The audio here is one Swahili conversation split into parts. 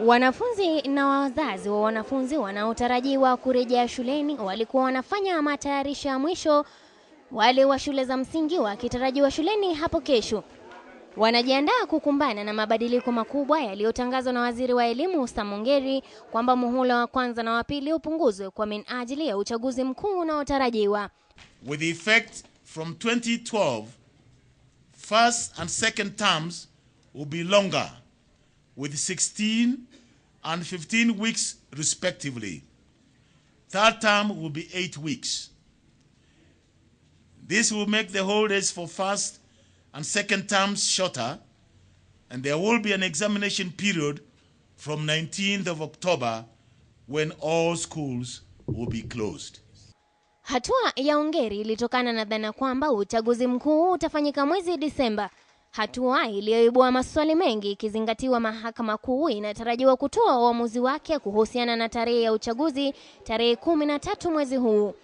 Wanafunzi na wazazi wa wanafunzi wanaotarajiwa kurejea shuleni walikuwa wanafanya matayarisho ya mwisho, wale wa shule za msingi wakitarajiwa shuleni hapo kesho. Wanajiandaa kukumbana na mabadiliko makubwa yaliyotangazwa na Waziri wa Elimu Sam Ongeri kwamba muhula wa kwanza na wa pili upunguzwe kwa minajili ya uchaguzi mkuu unaotarajiwa. With effect from 2012, first and second terms will be longer with 16 and 15 weeks respectively. Third term will be eight weeks. This will make the holidays for first and second terms shorter, and there will be an examination period from 19th of October when all schools will be closed. Hatua ya ongeri ilitokana na dhana kwamba uchaguzi mkuu utafanyika mwezi Disemba hatua iliyoibua maswali mengi ikizingatiwa Mahakama Kuu inatarajiwa kutoa uamuzi wake kuhusiana na tarehe ya uchaguzi tarehe kumi na tatu mwezi huu.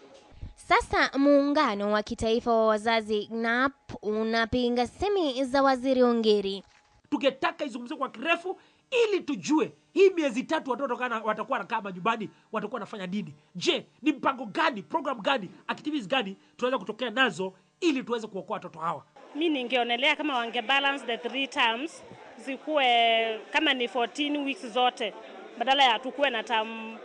Sasa muungano wa kitaifa wa wazazi nap unapinga semi za Waziri Ongeri. Tungetaka izungumzie kwa kirefu ili tujue hii miezi tatu watoto kana watakuwa wanakaa majumbani, watakuwa wanafanya nini? Je, ni mpango gani, program gani, activities gani tunaweza kutokea nazo ili tuweze kuokoa watoto hawa? mi ningeonelea kama wange balance the three terms zikuwe kama ni 14 weeks zote badala ya tukuwe na term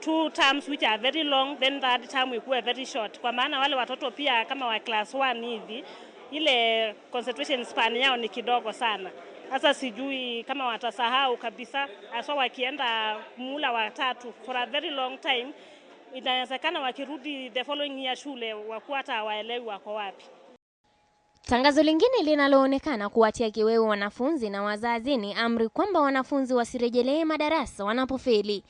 two terms which are very long then third term ikuwe very short, kwa maana wale watoto pia kama wa class 1 hivi ile concentration span yao ni kidogo sana. Sasa sijui kama watasahau kabisa, aswa wakienda mula wa tatu for a very long time, inawezekana wakirudi the following year shule wakuwa hata hawaelewi wako wapi. Tangazo lingine linaloonekana kuwatia kiwewe wanafunzi na wazazi ni amri kwamba wanafunzi wasirejelee madarasa wanapofeli.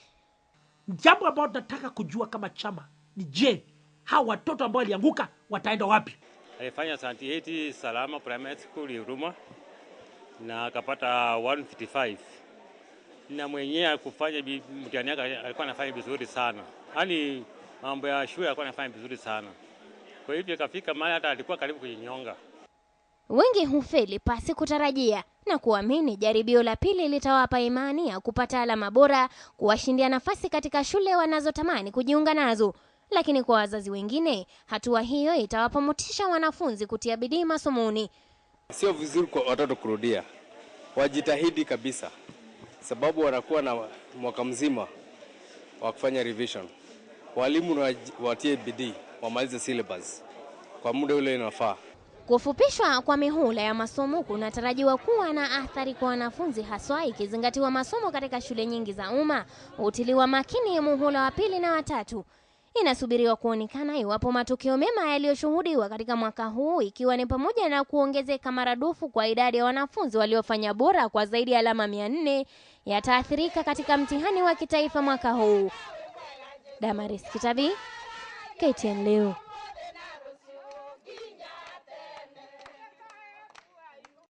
Jambo ambalo tunataka kujua kama chama ni je, hawa watoto ambao walianguka wataenda wapi? Alifanya 78 Salama Primary School Iruma na akapata 155 na mwenyewe akufanya mtihani yake alikuwa anafanya vizuri sana, yaani mambo ya shule alikuwa anafanya vizuri sana. Kwa hivyo ikafika mahali hata alikuwa karibu kujinyonga. Wengi hufeli pasi kutarajia na kuamini jaribio la pili litawapa imani ya kupata alama bora kuwashindia nafasi katika shule wanazotamani kujiunga nazo. Lakini kwa wazazi wengine, hatua hiyo itawapa motisha wanafunzi kutia bidii masomoni. Sio vizuri kwa watoto kurudia, wajitahidi kabisa, sababu wanakuwa na mwaka mzima wa kufanya revision. Walimu watie bidii, wamalize syllabus kwa muda ule inafaa. Kufupishwa kwa mihula ya masomo kunatarajiwa kuwa na athari kwa wanafunzi, haswa ikizingatiwa masomo katika shule nyingi za umma hutiliwa makini muhula wa pili na watatu. Inasubiriwa kuonekana iwapo matokeo mema yaliyoshuhudiwa katika mwaka huu ikiwa ni pamoja na kuongezeka maradufu kwa idadi ya wanafunzi waliofanya bora kwa zaidi ya alama mia nne yataathirika katika mtihani wa kitaifa mwaka huu. Damaris Kitavi, KTN Leo.